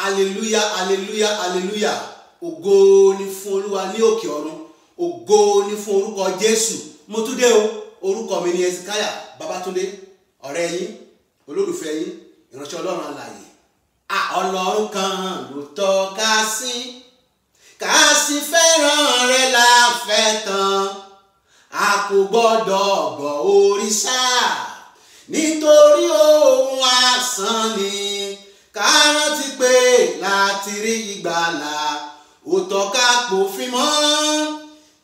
hallelujah hallelujah hallelujah ògo ni fún olúwa ní òkè ọ̀run ògo ni fún orúkọ jésù mo o orúkọ mi ni ezekiah babatunde ọ̀rẹ́ yín olólùfẹ́ yín ìránṣẹ́ ọlọ́run alààyè ọlọ́run kan ló tọ́ka sí ká sì fẹ́ràn rẹ̀ láfẹ́ tán a kò gbọ́dọ̀ bọ òrìṣà nítorí ohun asán ni. ìgbàlà ó tọ́ka pòfin mọ́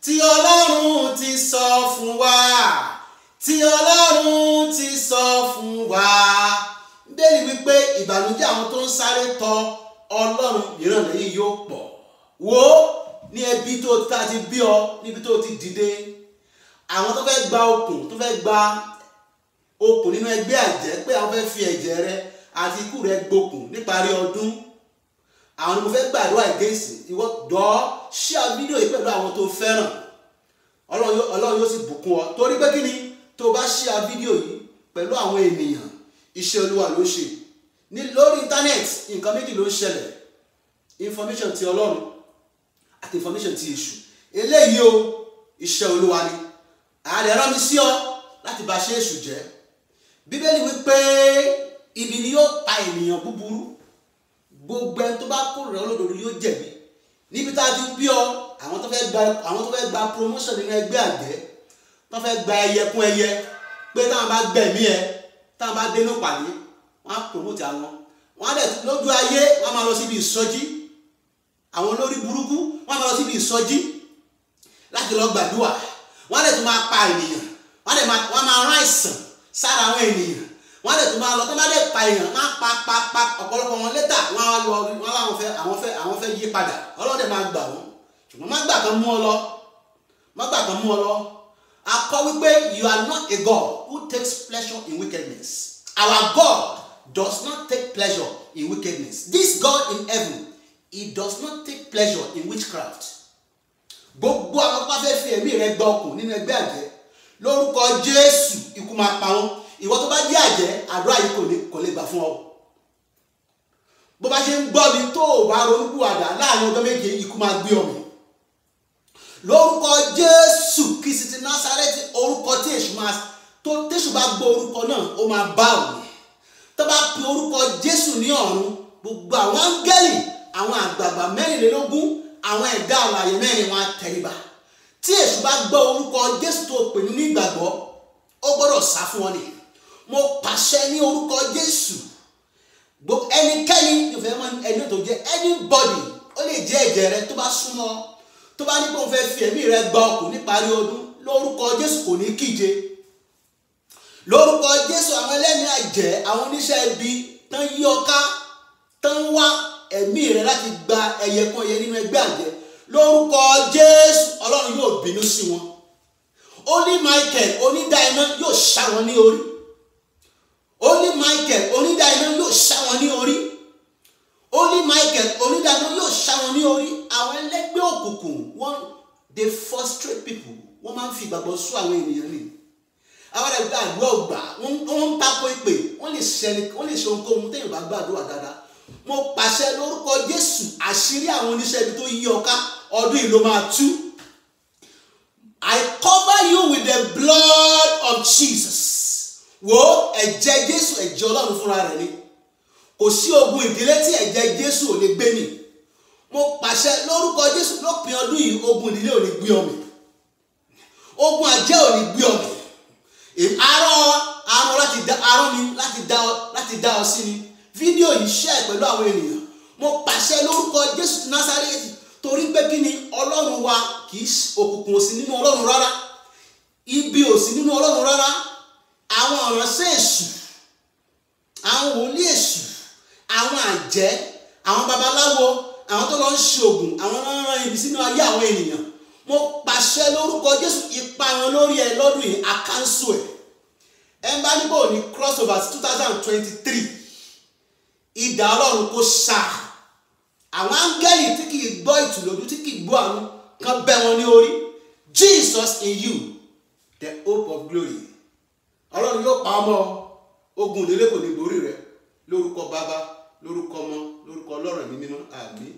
tí ọlọ́run ti sọ fún wa tí ọlọ́run ti sọ fún wa débi wípé ìbànújẹ́ àwọn tó ń sáré tọ ọlọ́run mìíràn lẹ́yìn yóò pọ̀ wo ní ẹbí tó ta ti bí ọ níbi tó ti dìde àwọn tó fẹ́ gba okùn tó fẹ́ gba okùn nínú ẹgbẹ́ àjẹ́ pé àwọn fẹ́ fi ẹ̀jẹ̀ rẹ àti ikú rẹ gbókùn níparí ọdún àwọn ni mo fẹ́ gbàdúrà against ìwọ dọ́ share fídíò yìí pẹ̀lú àwọn tó fẹ́ràn ọlọ́run yóò sì bùkún ọ torí pé kí ni tó bá share fídíò yìí pẹ̀lú àwọn ènìyàn iṣẹ́ olúwa ló ṣe ní lórí internet nǹkan méjì ló ń ṣẹlẹ̀ information ti ọlọ́run àti information ti èṣù eléyìí o iṣẹ́ olúwa ni ààrẹ rán mi sí ọ láti bá ṣe èṣù jẹ́ bíbélì wípé ibi ni yóò pa ènìyàn búburú gbogbo ẹni tó bá kórìíra olódodo yóò jẹ̀bi níbi tá a ti bí ọ àwọn tó fẹ́ gba àwọn tó fẹ́ gba promotion nínú ẹgbẹ́ àjẹ́ tó fẹ́ gba ẹyẹ kún ẹyẹ pé táwọn bá gbẹ̀mí ẹ táwọn bá dénú pàdé wọn á promote àwọn wọn á dẹ̀ lójú ayé wọn á máa lọ síbi ìsọjí àwọn olórí burúkú wọn á máa lọ síbi ìsọjí láti lọ gbàdúrà wọn á dẹ̀ tún máa pa ènìyàn wọn á máa rán àìsàn sára àwọn ènìyàn wọ́n á lè tún máa lọ tó má lè pa èèyàn má pa pa pa ọ̀pọ̀lọpọ̀ wọn létà wọ́n á lọ wọ́n láwọn fẹ́ àwọn fẹ́ àwọn fẹ́ yí padà ọlọ́dẹ máa gbà wọ́n ṣùgbọ́n má gbà kan mú ọ lọ má gbà kan mú ọ lọ akọ wípé you are not a God who takes pleasure in wickedness our God does not take pleasure in wickedness this God in heaven he does not take pleasure in witchcraft gbogbo àwọn pápá fẹ́ fi ẹ̀mí rẹ gbọ́ ọkùn nínú ẹgbẹ́ àjẹ́ lórúkọ Jésù ikú máa pa wọ́n ìwọ tó bá jẹ́ àjẹ́ àdúrà yìí kò lè gbà fún ọ bó bá ṣe ń gbọ́ mi tó o bá ronúpìwàdà láàrin ọjọ́ méje ikú máa gbé ọmọ lórúkọ jésù kìsìtì násàrẹ́tì orúkọ tí èṣù máa tó tẹ̀sù bá gbọ́ orúkọ náà ó máa bá òun tó bá pe orúkọ jésù ní ọ̀run gbogbo àwọn áńgẹ́lì àwọn àgbààgbà mẹ́rìnlélógún àwọn ẹ̀dá alààyè mẹ́rin wọn á tẹríba tí èṣù bá gbọ́ orúkọ jésù tó pè nínú ìgbàgbọ́ ó gbọ́dọ̀ sá fún ọ nìyẹn mo pàṣẹ ní orúkọ Jésù gbogbo ẹnikẹ́ni tó fẹ́ mọ ẹni tó jẹ́ anybody ó lè jẹ́ ẹ̀jẹ̀ rẹ tó bá súnmọ́ tó bá ní kó fẹ́ fi ẹ̀mí rẹ gba ọkù níparí ọdún lórúkọ Jésù kò ní kíje lórúkọ Jésù àwọn ẹlẹ́ni àjẹ́ àwọn oníṣẹ́ ibi tán yí ọ ká tán wá ẹ̀mí rẹ láti gba ẹ̀yẹ kan yẹ nínú ẹgbẹ́ àjẹ́ lórúkọ Jésù Ọlọ́run yóò bínú sí wọn ó ní Michael onídàáná yóò ṣá wọn ní orí Only Michael onídàáná yóò ṣá wọn ní orí ó ní Michael onídàáná yóò ṣá wọn ní orí àwọn ẹlẹ́gbẹ́ òkùnkùn wọn they frustrate people wọ́n máa ń fi ìgbàgbọ́ sún àwọn ènìyàn nìyí àwọn àgbà àdúrà ògbà wọn ń tako ìpè wọn lè ṣẹni wọn lè ṣe ohunkóhun téèyàn bá gbàdúrà dáadáa mo pàṣẹ lórúkọ Jésù àṣírí àwọn oníṣẹ́ ibi tó yí ọká ọdún yìí ló máa tú I cover you with the blood of Jesus wo ẹ̀jẹ̀ Jésù ẹ̀jẹ̀ Ọlọ́run fúnra rẹ̀ ni kò sí ogun ìdílé tí ẹ̀jẹ̀ Jésù ò lè gbé mì mo pàṣẹ lórúkọ Jésù lópin ọdún yìí ogun ìdílé ò lè gbé ọmọ ogun àjẹ́ ò lè gbé ọmọ arọ arọ láti dá arọ ni láti dá ọ láti dá ọ sí ni fídíò yìí share pẹ̀lú àwọn ènìyàn mo pàṣẹ lórúkọ Jésù ti Násárẹ́tì torí pé kí ni Ọlọ́run wa kì í òkùnkùn ò nínú Ọlọ́run rárá ibi ò sí nínú Ọlọ́run rárá àwọn ọ̀rọ̀ sí èṣù àwọn wòlíì èṣù àwọn àjẹ́ àwọn babaláwo àwọn tó lọ ń ṣe ògùn àwọn rán ibi sínú ayé àwọn ènìyàn mo pàṣẹ lórúkọ Jésù ìparun lórí ẹ lọ́dún yìí àkánṣu ẹ̀ ẹnba níbò ní crossover two thousand twenty three ìdá ọlọ́run kò ṣá àwọn áńgẹ́lì tí kì í gbọ́ ìtùlójú tí kì í gbọ́ àánú kan bẹ́ wọn ní orí Jesus in you the hope of glory ọlọ́run yóò pa ọmọ ogun ìdílé kò ní borí rẹ lórúkọ bàbá lórúkọ ọmọ lórúkọ ọlọ́run ní mímọ́ àmín